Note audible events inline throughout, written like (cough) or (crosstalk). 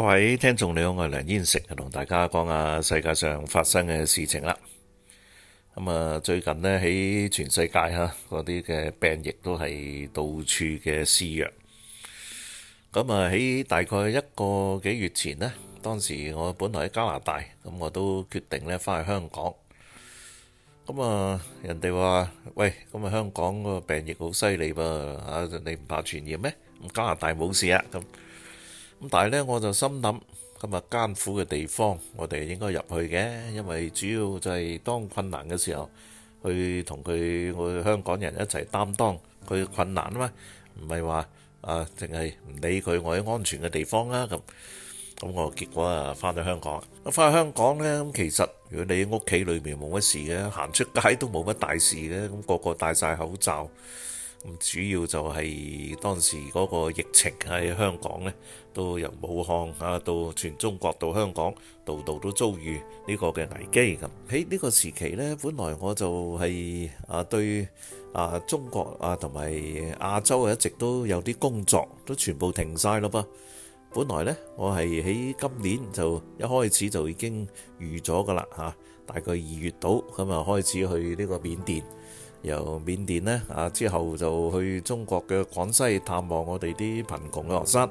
各位聽眾你好，我係梁燕城，同大家講下世界上發生嘅事情啦。咁啊，最近咧喺全世界吓，嗰啲嘅病疫都係到處嘅肆虐。咁啊，喺大概一個幾月前咧，當時我本來喺加拿大，咁我都決定咧翻去香港。咁啊，人哋話，喂，咁啊，香港個病疫好犀利噃，吓你唔怕傳染咩？咁加拿大冇事啊，咁。咁但係咧，我就心諗今日艱苦嘅地方，我哋應該入去嘅，因為主要就係當困難嘅時候，去同佢我哋香港人一齊擔當佢困難啊嘛，唔係話啊淨係唔理佢，我喺安全嘅地方啦。咁咁我結果啊返到香港，我返去香港咧，咁其實如果你屋企裏面冇乜事嘅，行出街都冇乜大事嘅，咁個個戴晒口罩。主要就係當時嗰個疫情喺香港呢都由武漢啊，到全中國，到香港，度度都遭遇呢個嘅危機。咁喺呢個時期呢，本來我就係啊對啊中國啊同埋亞洲一直都有啲工作，都全部停晒咯噃。本來呢，我係喺今年就一開始就已經預咗㗎喇嚇，大概二月度咁啊開始去呢個緬甸。由緬甸呢，啊之後就去中國嘅廣西探望我哋啲貧窮嘅學生，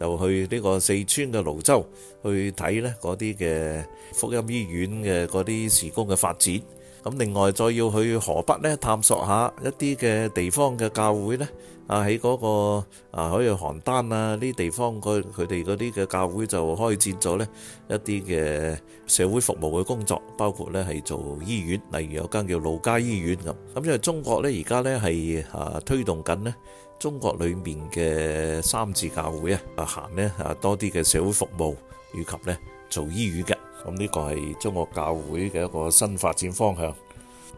又去呢個四川嘅瀘州去睇呢嗰啲嘅福音醫院嘅嗰啲事工嘅發展。咁另外再要去河北咧探索一下一啲嘅地方嘅教會咧，啊喺嗰個啊，可以邯鄲啊呢地方，佢哋嗰啲嘅教會就開展咗咧一啲嘅社會服務嘅工作，包括咧係做醫院，例如有間叫路佳醫院咁。咁因為中國咧而家咧係啊推動緊咧中國裏面嘅三自教會啊啊行咧啊多啲嘅社會服務，以及咧做醫院嘅。咁呢個係中國教會嘅一個新發展方向。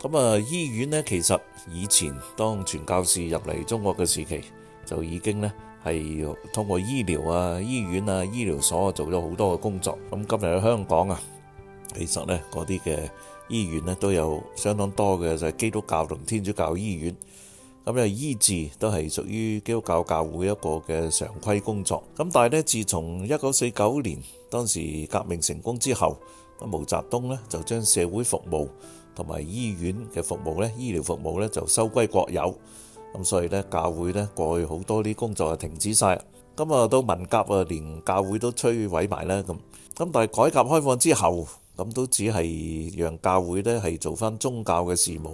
咁啊，醫院呢，其實以前當傳教士入嚟中國嘅時期，就已經呢係通過醫療啊、醫院啊、醫療所做咗好多嘅工作。咁今日喺香港啊，其實呢嗰啲嘅醫院呢，都有相當多嘅就係、是、基督教同天主教醫院。咁又醫治都係屬於基督教教會一個嘅常規工作。咁但係咧，自從一九四九年當時革命成功之後，啊，毛澤東咧就將社會服務同埋醫院嘅服務咧、醫療服務咧就收歸國有。咁所以咧，教會咧過去好多啲工作啊停止晒。咁啊，到文革啊，連教會都摧毀埋啦咁。咁但係改革開放之後，咁都只係讓教會咧係做返宗教嘅事務。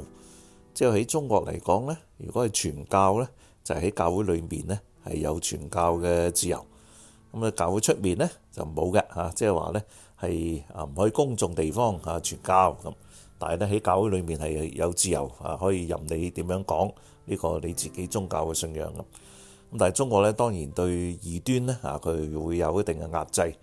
即係喺中國嚟講咧，如果係傳教咧，就喺教會裏面咧係有傳教嘅自由。咁啊，教會出面咧就冇嘅嚇。即係話咧係啊，唔可以公眾地方啊傳教咁。但係咧喺教會裏面係有自由啊，可以任你點樣講呢個你自己宗教嘅信仰咁。咁但係中國咧當然對異端咧啊，佢會有一定嘅壓制。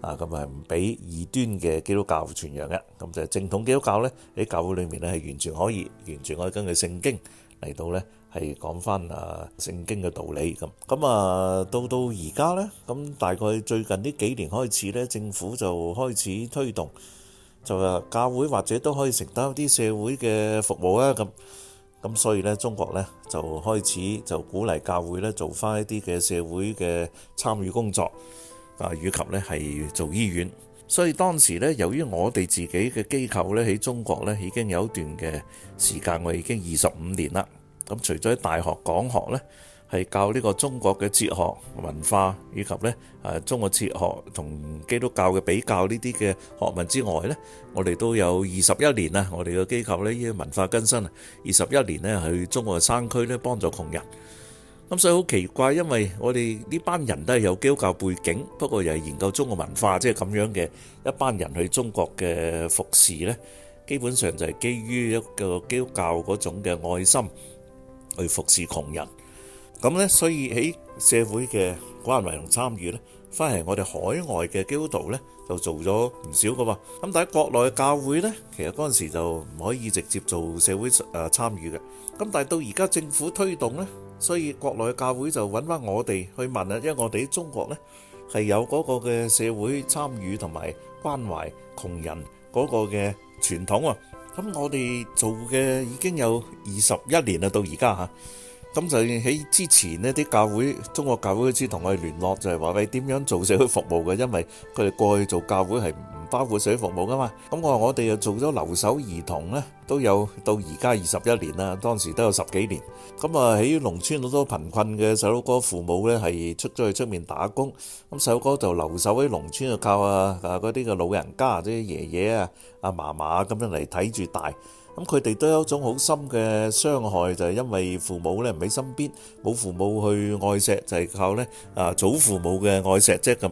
啊，咁咪唔俾異端嘅基督教傳揚嘅，咁就正統基督教呢喺教會裏面呢係完全可以、完全可以根據聖經嚟到呢係講翻啊聖經嘅道理咁。咁啊到到而家呢，咁大概最近呢幾年開始呢，政府就開始推動，就係教會或者都可以承擔啲社會嘅服務啊。咁咁所以呢，中國呢就開始就鼓勵教會呢做翻一啲嘅社會嘅參與工作。啊，以及咧係做醫院，所以當時咧，由於我哋自己嘅機構咧喺中國咧已經有一段嘅時間，我已經二十五年啦。咁除咗喺大學講學呢，係教呢個中國嘅哲學文化，以及咧誒中國哲學同基督教嘅比較呢啲嘅學問之外呢，我哋都有二十一年啦。我哋嘅機構咧因為文化更新啊，二十一年呢去中國嘅山區呢，幫助窮人。咁所以好奇怪，因為我哋呢班人都係有基督教背景，不過又係研究中國文化，即係咁樣嘅一班人去中國嘅服侍咧，基本上就係基於一個基督教嗰種嘅愛心去服侍窮人。咁咧，所以喺社會嘅關懷同參與咧，反而我哋海外嘅基督徒咧，就做咗唔少噶噃，咁但係國內嘅教會呢，其實嗰陣時就唔可以直接做社會誒參與嘅。咁但係到而家政府推動呢，所以國內嘅教會就揾翻我哋去問啊，因為我哋喺中國呢係有嗰個嘅社會參與同埋關懷窮人嗰個嘅傳統啊。咁我哋做嘅已經有二十一年啦，到而家嚇。咁就喺之前呢，啲教會中國教會開始同我哋聯絡，就係話你點樣做社會服務嘅，因為佢哋過去做教會係唔包括社會服務噶嘛。咁我話我哋又做咗留守兒童呢，都有到而家二十一年啦，當時都有十幾年。咁啊喺農村好多貧困嘅細佬哥父母呢係出咗去出面打工，咁細佬哥就留守喺農村，就靠啊啊嗰啲嘅老人家，即係爺爺啊、阿嫲嫲咁樣嚟睇住大。咁佢哋都有一種好深嘅傷害，就係因為父母咧唔喺身邊，冇父母去愛錫，就係靠咧啊祖父母嘅愛錫啫咁。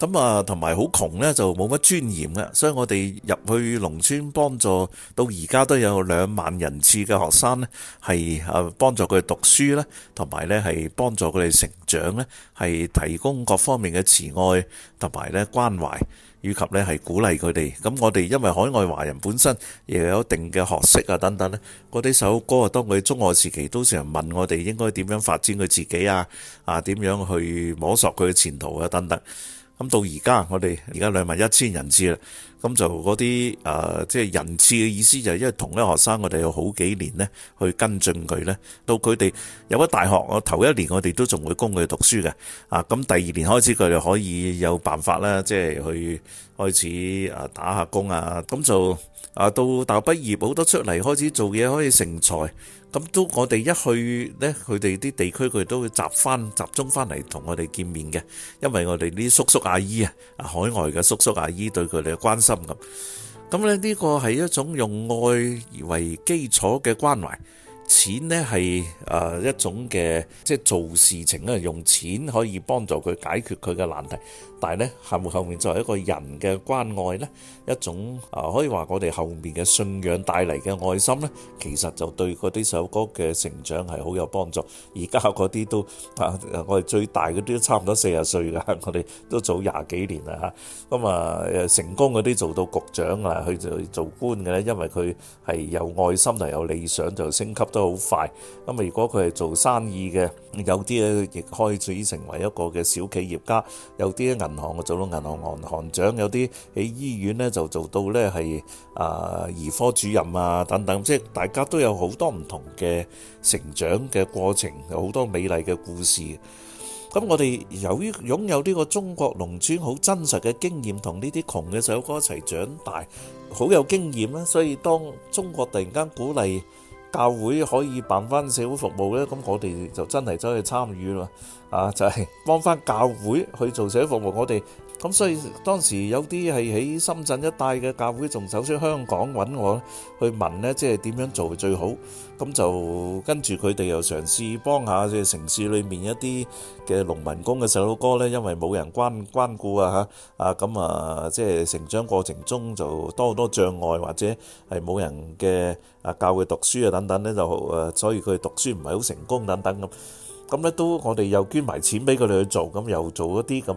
咁啊，同埋好窮咧，就冇乜尊嚴嘅，所以我哋入去農村幫助，到而家都有兩萬人次嘅學生咧，係誒幫助佢讀書咧，同埋咧係幫助佢哋成長咧，係提供各方面嘅慈愛，同埋咧關懷，以及咧係鼓勵佢哋。咁我哋因為海外華人本身又有一定嘅學識啊，等等咧，嗰啲首歌啊，當佢中學時期都成日問我哋應該點樣發展佢自己啊，啊點樣去摸索佢嘅前途啊，等等。咁到而家，我哋而家兩萬一千人次啦，咁就嗰啲誒，即係人次嘅意思就係、是，因為同一學生，我哋有好幾年呢去跟進佢呢。到佢哋入咗大學，我頭一年我哋都仲會供佢讀書嘅，啊，咁第二年開始佢哋可以有辦法啦，即係去開始誒打下工啊，咁就啊到大學畢業好多出嚟開始做嘢，可以成才。咁都我哋一去呢，佢哋啲地區佢都會集翻集中翻嚟同我哋見面嘅，因為我哋啲叔叔阿姨啊，海外嘅叔叔阿姨對佢哋嘅關心咁。咁呢呢個係一種用愛為基礎嘅關懷，錢呢係啊、呃、一種嘅即係做事情啊，用錢可以幫助佢解決佢嘅難題。但係咧，後後面作為一個人嘅關愛咧，一種啊，可以話我哋後面嘅信仰帶嚟嘅愛心咧，其實就對嗰啲首歌嘅成長係好有幫助。而家嗰啲都啊，我哋最大嗰啲都差唔多四十歲㗎，我哋都早廿幾年啦嚇。咁啊，誒成功嗰啲做到局長啊，去做做官嘅咧，因為佢係有愛心同有理想，就升級得好快。咁啊，如果佢係做生意嘅，有啲咧亦開始成為一個嘅小企業家，有啲銀銀行我做到銀行行行長，有啲喺醫院呢就做到呢係啊兒科主任啊等等，即係大家都有好多唔同嘅成長嘅過程，有好多美麗嘅故事。咁我哋由於擁有呢個中國農村好真實嘅經驗，同呢啲窮嘅細路哥一齊長大，好有經驗啦。所以當中國突然間鼓勵，教會可以辦翻社會服務咧，咁我哋就真係走去參與啦，啊就係、是、幫翻教會去做社會服務，我哋。咁所以當時有啲係喺深圳一帶嘅教會，仲走出香港揾我去問咧，即係點樣做最好？咁就跟住佢哋又嘗試幫下即係城市裏面一啲嘅農民工嘅細佬哥咧，因為冇人關關顧啊嚇啊咁啊，即係成長過程中就多好多障礙，或者係冇人嘅啊教佢讀書啊等等咧，就誒，所以佢讀書唔係好成功等等咁。咁咧都我哋又捐埋錢俾佢哋去做，咁又做一啲咁。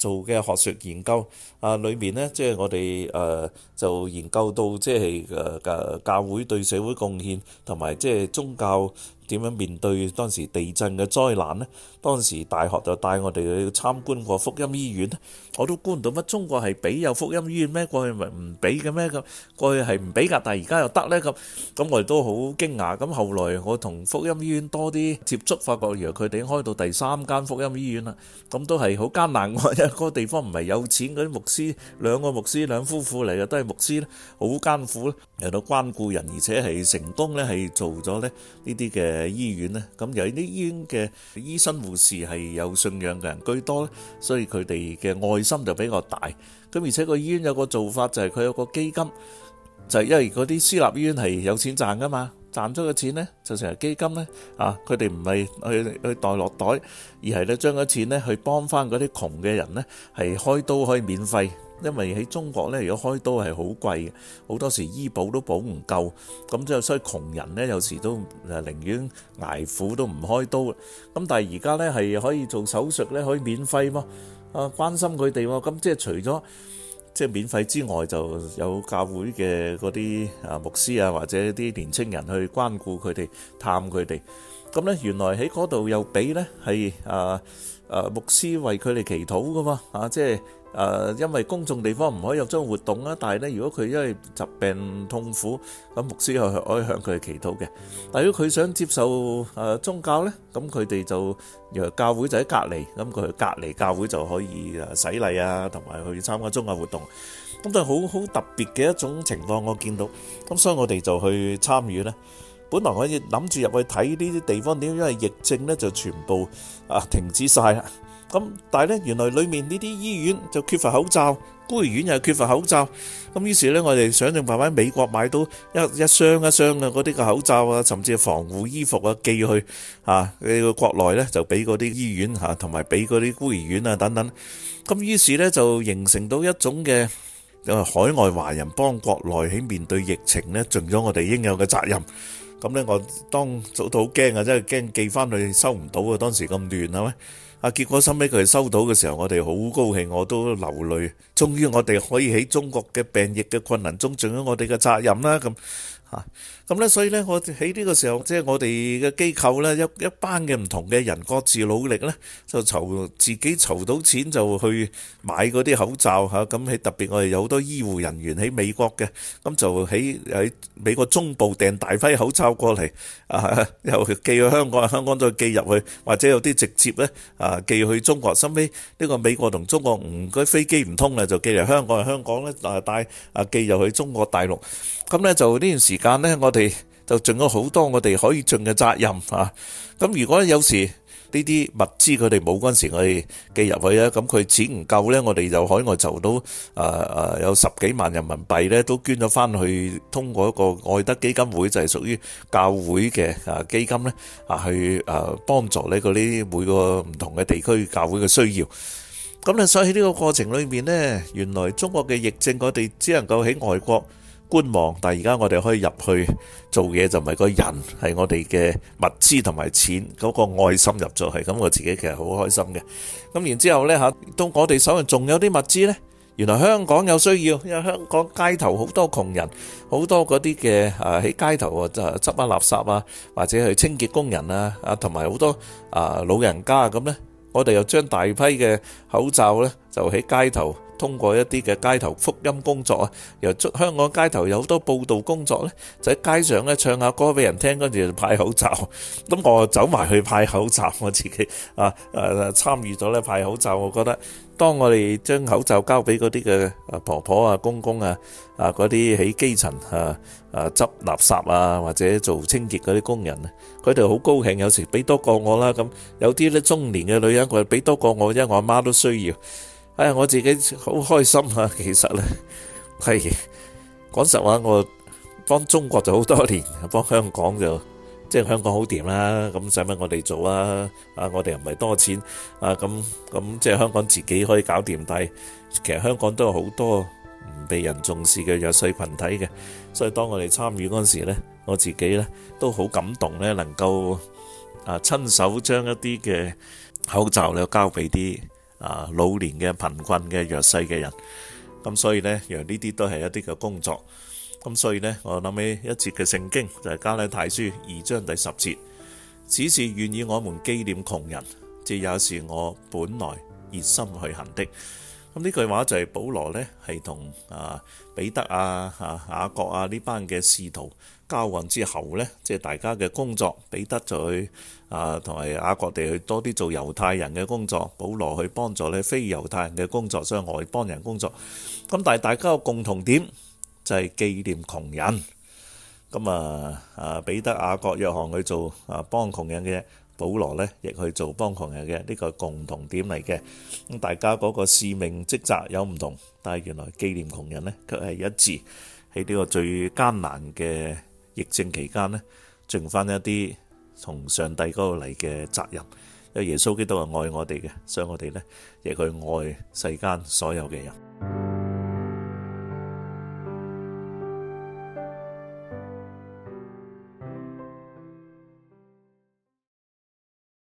做嘅學術研究啊，裏面咧即係我哋誒，就研究到即係誒誒教會對社會貢獻同埋即係宗教。點樣面對當時地震嘅災難呢？當時大學就帶我哋去參觀過福音醫院咧，我都估唔到，乜中國係俾有福音醫院咩？過去咪唔俾嘅咩咁？過去係唔俾噶，但係而家又得呢咁，咁我哋都好驚訝。咁後來我同福音醫院多啲接觸，發覺原來佢哋已經開到第三間福音醫院啦，咁都係好艱難嘅。個地方唔係有錢，嗰啲牧師兩個牧師兩夫婦嚟嘅，都係牧師咧，好艱苦咧，又到關顧人，而且係成功咧，係做咗咧呢啲嘅。誒，醫院咧，咁有啲醫院嘅醫生護士係有信仰嘅人居多咧，所以佢哋嘅愛心就比較大。咁而且個醫院有個做法就係佢有個基金，就係因為嗰啲私立醫院係有錢賺噶嘛，賺咗嘅錢咧就成個基金咧，啊，佢哋唔係去去袋落袋，而係咧將嗰錢咧去幫翻嗰啲窮嘅人咧係開刀可以免費。因為喺中國呢，如果開刀係好貴嘅，好多時醫保都保唔夠，咁就所以窮人呢，有時都誒寧願挨苦都唔開刀啦。咁但係而家呢係可以做手術呢，可以免費喎。啊，關心佢哋喎。咁即係除咗即係免費之外，就有教會嘅嗰啲啊牧師啊，或者啲年青人去關顧佢哋、探佢哋。咁呢，原來喺嗰度又俾呢係啊啊牧師為佢哋祈禱㗎嘛啊即係。誒，因為公眾地方唔可以有宗教活動啊，但係咧，如果佢因為疾病痛苦，咁牧師係可以向佢祈禱嘅。但如果佢想接受誒宗教咧，咁佢哋就若教會就喺隔籬，咁佢隔籬教會就可以誒洗禮啊，同埋去參加宗教活動，咁就好好特別嘅一種情況。我見到，咁所以我哋就去參與咧。本來可以諗住入去睇呢啲地方點，因為疫症咧就全部啊停止曬啦。咁，但係咧，原來裏面呢啲醫院就缺乏口罩，孤兒院又缺乏口罩。咁於是咧，我哋想盡辦法喺美國買到一一箱一箱嘅嗰啲嘅口罩啊，甚至係防護衣服啊，寄去啊呢個國內咧，就俾嗰啲醫院啊，同埋俾嗰啲孤兒院啊等等。咁於是咧，就形成到一種嘅，因為海外華人幫國內喺面對疫情咧，盡咗我哋應有嘅責任。咁咧，我當早都好驚啊，真係驚寄翻去收唔到啊！當時咁亂係咪？啊！結果收尾佢收到嘅時候，我哋好高興，我都流淚。終於我哋可以喺中國嘅病疫嘅困難中盡咗我哋嘅責任啦！咁。啊，咁咧，所以咧，我喺呢個時候，即係我哋嘅機構咧，一一班嘅唔同嘅人各自努力咧，就籌自己籌到錢就去買嗰啲口罩吓，咁喺特別我哋有好多醫護人員喺美國嘅，咁就喺喺美國中部訂大批口罩過嚟，啊，又寄去香港，香港再寄入去，或者有啲直接咧，啊，寄去中國，收尾呢個美國同中國唔個飛機唔通啦，就寄嚟香港，香港咧啊帶啊寄入去中國大陸，咁咧就呢段時間，間呢，我哋就盡咗好多我哋可以盡嘅責任啊！咁如果有時呢啲物資佢哋冇嗰陣時，我哋寄入去啊，咁佢錢唔夠呢，我哋就海外籌到誒誒，有十幾萬人民幣呢，都捐咗翻去，通過一個愛德基金會，就係屬於教會嘅啊基金呢啊，去誒幫助呢嗰啲每個唔同嘅地區教會嘅需要。咁呢，所以呢個過程裏面呢，原來中國嘅疫症，我哋只能夠喺外國。觀望，但係而家我哋可以入去做嘢，就唔係個人，係我哋嘅物資同埋錢嗰個愛心入咗去，咁我自己其實好開心嘅。咁然之後呢，嚇，當我哋手上仲有啲物資呢，原來香港有需要，因為香港街頭好多窮人，好多嗰啲嘅啊喺街頭啊執下啊垃圾啊，或者係清潔工人啊，啊同埋好多啊老人家咁呢，我哋又將大批嘅口罩呢，就喺街頭。通過一啲嘅街頭福音工作啊，又香港街頭有好多報道工作呢，就喺街上呢，唱下歌俾人聽，跟住就派口罩。咁 (laughs) 我走埋去派口罩，我自己啊誒參與咗呢，派口罩。我覺得當我哋將口罩交俾嗰啲嘅婆婆啊、公公啊、啊嗰啲喺基層啊啊執垃圾啊或者做清潔嗰啲工人咧，佢哋好高興，有時俾多過我啦。咁有啲呢中年嘅女人佢俾多過我，因為我阿媽都需要。係我自己好開心啊！其實咧，係講實話，我幫中國就好多年，幫香港就即係香港好掂啦。咁使乜我哋做啊？啊，我哋又唔係多錢啊！咁咁即係香港自己可以搞掂。但係其實香港都有好多唔被人重視嘅弱勢群體嘅，所以當我哋參與嗰陣時咧，我自己咧都好感動咧，能夠啊親手將一啲嘅口罩咧交俾啲。啊，老年嘅貧困嘅弱勢嘅人，咁所以呢，由呢啲都係一啲嘅工作，咁所以呢，我諗起一節嘅聖經就係、是、加拉太書二章第十節，只是願意我們紀念窮人，這也是我本來熱心去行的。呢句話就係保羅呢係同啊彼得啊、啊雅各啊呢班嘅使徒交混之後呢，即係大家嘅工作，彼得就去啊同埋雅各地去多啲做猶太人嘅工作，保羅去幫助呢非猶太人嘅工作，即係外邦人工作。咁但係大家嘅共同點就係紀念窮人。咁啊啊彼得、雅各、約翰去做啊幫窮人嘅。保羅呢亦去做幫窮人嘅呢個共同點嚟嘅，咁大家嗰個使命職責有唔同，但係原來紀念窮人呢，卻係一致喺呢個最艱難嘅疫症期間呢，盡翻一啲從上帝嗰度嚟嘅責任，因為耶穌基督係愛我哋嘅，所以我哋呢，亦去愛世間所有嘅人。